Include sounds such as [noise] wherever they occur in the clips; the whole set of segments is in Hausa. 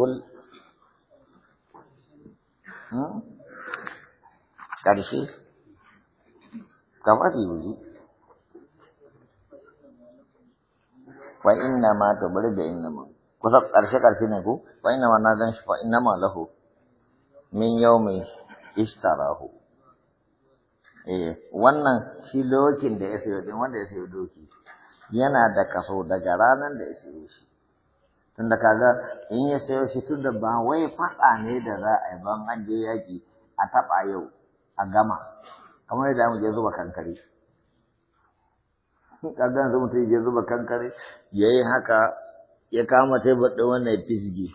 gul kadisi kamar wuri wa inna ma to bari da inna ma kusa karshe karshe ne ku? wa inna ma na gan shi fa inna ma lahu min yau mai eh wannan shi da ya sayo din wanda ya sayo doki yana da kaso daga ranar da ya sayo shi tunda kaga in ya sayo shi tun da ba wai faɗa ne da za a yi ban an je yaƙi a taɓa yau a gama kamar yadda mu je zuba kankare [laughs] kaga yanzu mutum je zuba kankare ya yi haka ya kama tebur ɗin wannan ya fisge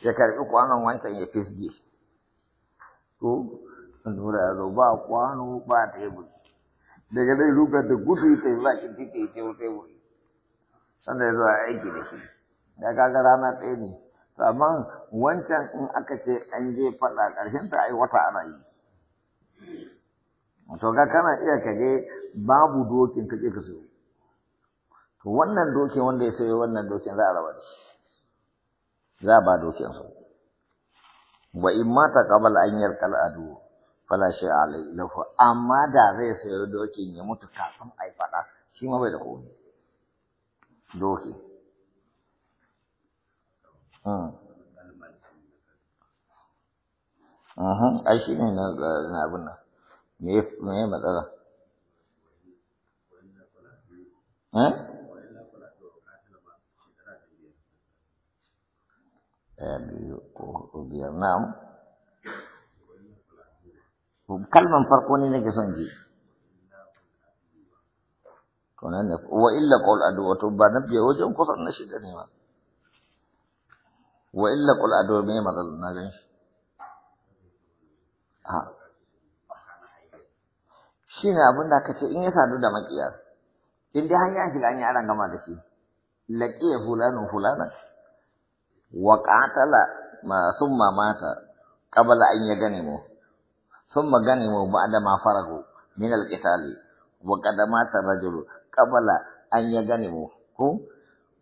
ya karɓi kwanon wancan ya fisge to nura ya zo ba kwano ba tebur daga dai ruga da gudu ta yi zaƙin ciki ya tebur tebur sanda ya zo a aiki da shi Daga gara rana ɗaya ne amma wancan in aka ce an je faɗa ƙarshen ta ai wata ana yi to ga kana iya ka je babu dokin ka je ka sayo to wannan dokin wanda ya sayo wannan dokin za a raba shi za a ba dokin su wa in mata qabala an yarkal adu fala shi alai lahu amma da zai sayo dokin ya mutu kafin ai faɗa shi ma bai da komai doki Ah. ai shi ne na abin nan me ya matsala ɗaya eh? eh, biyu ko biyar nam? kalman farko ne nake son ji nan wa illa qawl adu wato ba na biya wajen kusan na shida ne ma wa illa kul adu me matsal na gan shi shi ne abin da aka ce in ya sadu da makiya in dai hanya shiga an yi aran gama da shi laqiya fulanu fulana wa qatala ma summa mata qabla an mu. summa ganimu ba'da ma faragu min al-qitali wa qadama mata rajulu qabla an mu ko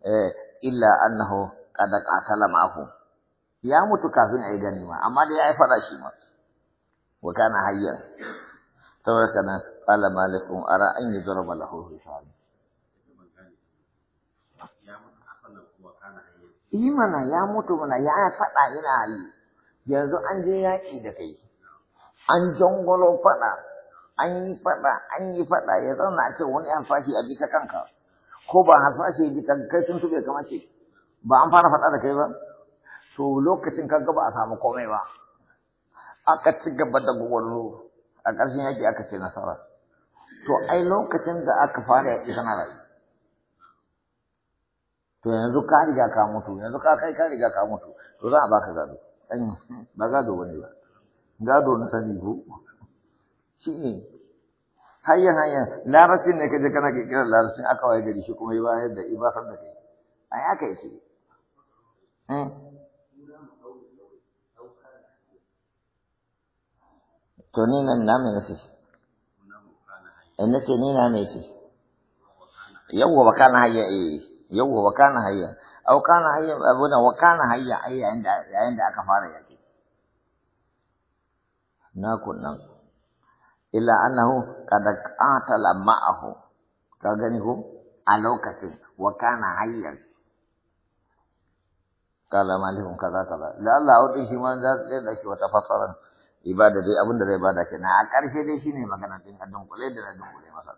eh, illa annahu kada katala mako ya mutu kafin a yi ganima amma dai ya yi fada shi ma wa kana hayya saboda kana qala malikum ara an yuzraba lahu hisab imana ya mutu mana ya faɗa ina yi yanzu an je yaki da kai an jangolo faɗa an yi faɗa an yi faɗa ya zauna a ce wani an fashi a bi ta kanka ko ba har fashi bi ta kai sun tuke kamar ce ba an fara faɗa da kai ba to lokacin kaga ba a samu komai ba aka ci gaba da gwagwarlo a ƙarshen yaƙi aka ce nasara to ai lokacin da aka fara yaƙi kana rayu to yanzu ka riga ka mutu yanzu ka kai ka riga ka mutu to za a baka gado ɗan ba gado wani ba gado na sani ko shi ne hanyar hanyar, larabcin ne kaje kana kirkirar larabcin aka waye gari shi kuma yi bayar da ibasar da kai a yaka yake to ni nan na mai nasi nace ni na mai ce yawwa wa kana hayya eh yawwa wa kana hayya au kana hayya abuna wa kana hayya ai yayin da aka fara yaki na kunnan illa annahu qad qatala ma'ahu ka gani ko a lokacin wa kana hayyan kala malikun kaza kaza la Allah wadda shi ma za su da shi wata fasaran ibada dai abin da zai bada kenan a ƙarshe dai shine magana din a dunkule da na dunkule masa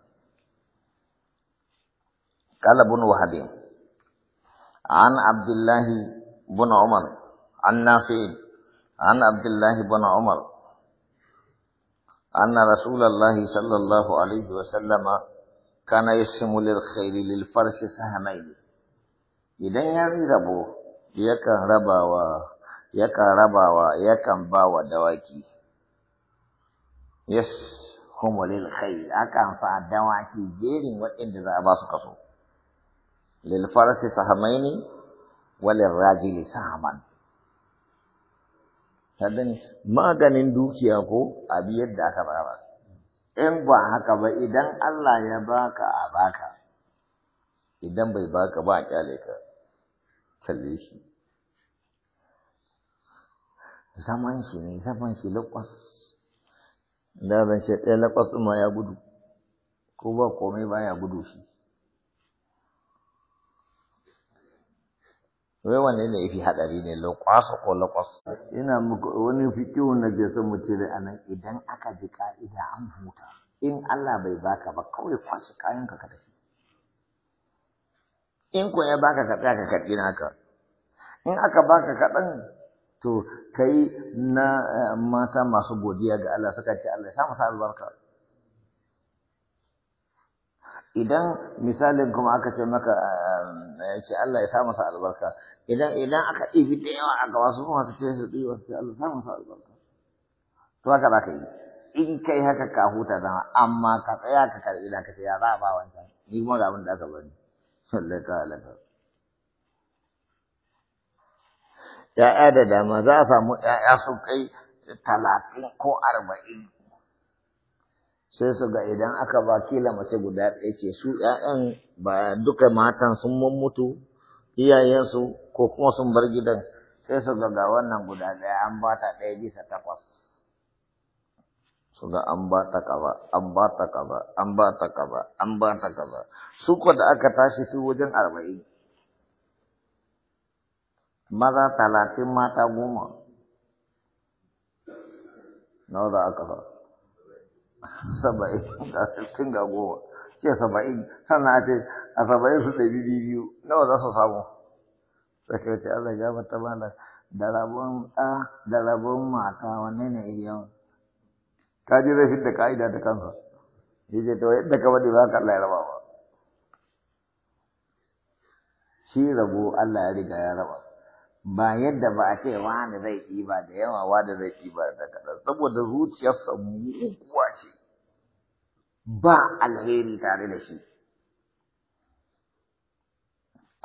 قال ابن وهب عن عبد الله بن عمر عن نافع عن عبد الله بن عمر أن رسول الله صلى الله عليه وسلم كان يسهم للخير للفرس سهمين إذا يعني ربو yakan rabawa yakan rabawa yakan bawa dawaki yes lil khair akan fa dawaki jerin waɗanda za a ba su kaso lil farasi sahamaini walil rajili sahaman kadan maganin dukiya ko abi yadda aka ba in ba haka ba idan Allah ya baka a baka idan bai baka ba a kyale ka kalle shi zaman shi ne zaman shi lakwas da ban ce ɗaya lakwas ɗin ma ya gudu ko ba komai ba ya gudu shi wai wanne ne yafi haɗari ne lakwas ko lakwas ina muku wani fikihu na ke son mu cire a nan idan aka ji ka'ida an huta in Allah bai baka ba kawai kwashi kayanka ka tafi in ko ya baka ka tsaya ka naka in aka baka kaɗan to kai na eh, mata masu godiya ga Allah suka ce Allah ya sa masa albarka idan misalin kuma aka ce maka eh, ya ce Allah ya sa masa albarka idan idan aka ɗibi da yawa a gaba su masu ce su ɗiba su ce Allah ya sa masa albarka to haka za ka yi in kai haka ka huta zama amma ka tsaya ka karɓi da ka ce ya za a ba wancan ni kuma ga abin da aka bani sallaka alaka ya'ya da dama za a samu ya'ya su kai talatin ko arba'in sai su ga idan aka ba kila mace guda ɗaya ce su ‘ya'yan ba duka matan sun mummutu iyayensu ko kuma sun bar gidan sai su ga ga wannan guda ɗaya an ba ta ɗaya bisa takwas suga an ba ta kaza an ba ta kaza an ba ta kaza an ba ta kaza su ko da aka tashi su wajen arba'in maza talatin mata goma Na za aka kafa saba'in da sittin ga goma Ke saba'in sannan a ce a saba'in su ɗari biyu nawa za su samu sai ce Allah ya mata mana da rabon ɗa da rabon mata wanne ne yawan ka je zai fidda ka'ida ta kansa shi ce to yadda ka wadi ba ka Allah ya raba ba shi rabo Allah ya riga ya raba ba yadda ba a ce wani zai ba da yawa wani zai ba da kada saboda zuciyarsa muguwa ce ba alheri tare da shi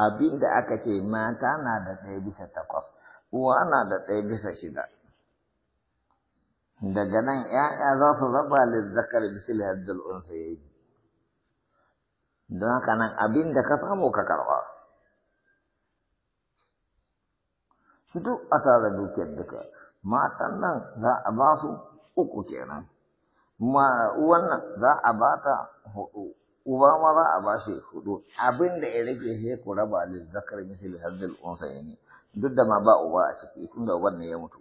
abin da aka ce mata na da ɗaya bisa takwas uwa na da ɗaya bisa shida daga nan ‘ya'ya za su raba lizzakar bisil haddal unsa ya yi don haka nan abin da ka samu ka karba su duk a tare dukiyar duka matan nan za a ba su uku kenan ma uwan nan za a ba ta hudu uba ma za a ba shi hudu abin da ya rage sai ku raba lizzakar bisil haddal unsa ya yi duk da ma ba uba a ciki tun da uban ne ya mutu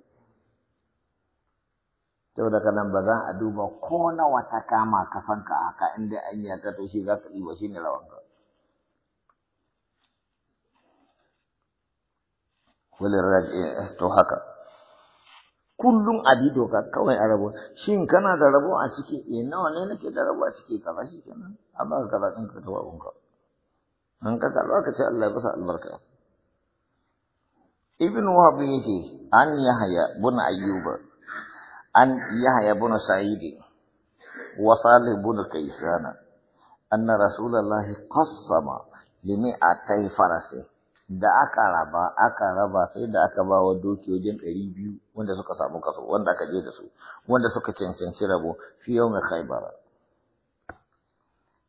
saboda ka nan ba za a duba ko nawa ta kama kafanka a haka inda an yi haka to shi za ka ɗiba shi ne rawanka eh, to haka kullum a bi doka kawai a rabo shin kana da rabo a ciki eh nawa ne nake da rabo a ciki kaza shi kenan a ba ka kaza din ka tawa gunka an ka karba ka ce Allah ya basa albarka ibn wahab yake an yahaya, bun ayyuba an يحيى بن سعيد وصالح بن كيسان أن رسول الله qassama limi'atai فرسه da aka raba aka raba sai da aka ba wa dokiyoyin ɗari biyu wanda suka samu kaso wanda aka je da su wanda suka cancanci rabo fi yau mai khaibara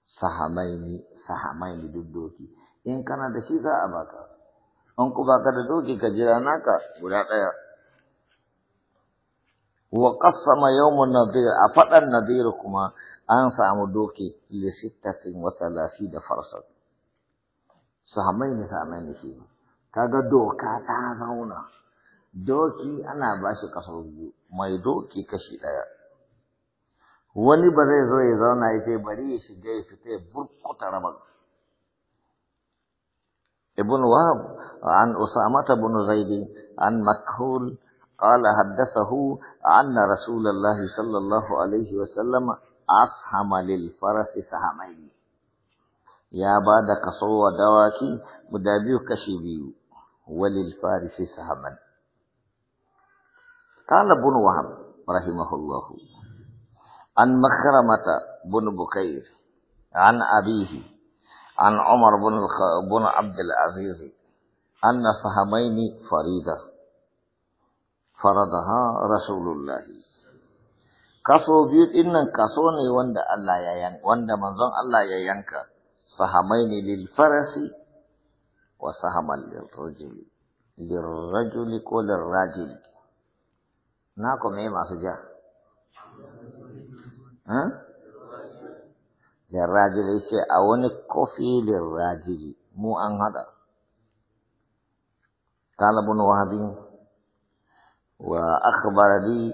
sahamaini sahamaini duk doki in kana da shi za a baka an ku baka da doki ka jira naka guda ɗaya wa qassama yawmun nadir a faɗan nadir kuma an samu doki li sittatin wa da farsat sahamai ne sahamai ne shi kaga doka ta zauna doki ana ba shi kaso biyu mai doki kashi ɗaya wani ba zai zo ya zauna ya ce bari ya shiga ya fita ya burkuta rabar ibn wahab an usamata ibn zaidi an makhul قال حدثه عن رسول الله صلى الله عليه وسلم أصحم للفرس سهمين يا بعد قصوى دواكي مدابيو كشيبيو وللفارس سهما قال ابن وهب رحمه الله عن مخرمة بن بكير عن أبيه عن عمر بن, بن عبد العزيز أن سهمين فريضة faradaha rasulullah kaso biyu dinnan kaso ne wanda Allah ya yanka wanda manzon Allah ya yanka sahamaini lil farasi wa sahamal lil rajul lil rajul ko lil rajul na ko me masu ja ha lil rajul ce a wani kofi lil rajul mu an hada talabun wahabin وأخبر لي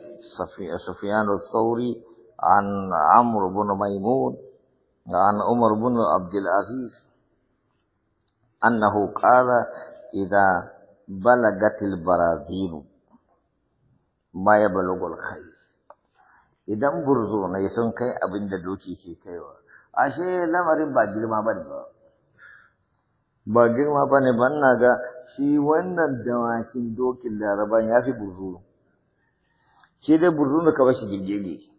سفيان الثوري عن عمرو بن ميمون عن عمر بن عبد العزيز أنه قال إذا بلغت البراذين ما يبلغ الخير idan burzo ne sun kai abin da doki ke kaiwa ashe lamarin ba girma ba ne ba ba girma ba ne ban na ga shi wannan dawakin dokin laraban ya fi burzuru shi dai burzuru ka bashi jirgege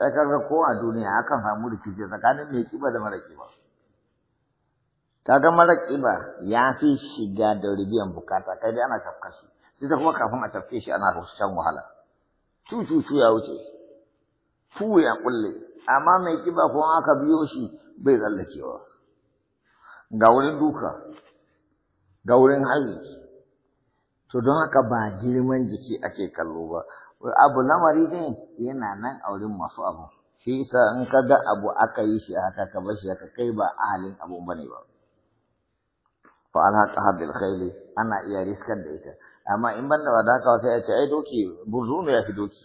Ya kaga ko a duniya akan samu rikici tsakanin mai kiba da mara kiba kaga mara kiba ya fi shiga da ribiyan bukata kai dai ana tafka shi sai ta kuma kafin a tafke shi ana shan wahala cucu ya wuce fu ya kulle amma mai kiba kuma aka biyo shi bai tsallakewa ga wurin duka gaurin hari to don haka ba girman jiki ake kallo ba abu lamari ne yana nan a wurin masu abu shi isa in ka ga abu aka yi shi haka ka bar shi haka kai ba a halin abu ne ba fa alhaqaha bil khayli ana iya riskar da ita amma in ban da wadaka sai ya ce ai doki burzu ne ya fi doki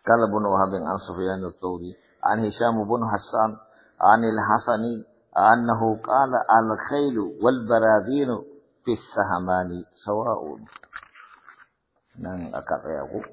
Kala قال ابن وهب عن سفيان الثوري عن هشام بن Hassan, an Hassani. أنه قال الخيل والبراذين في السهمان سواء نعم أكاد يقول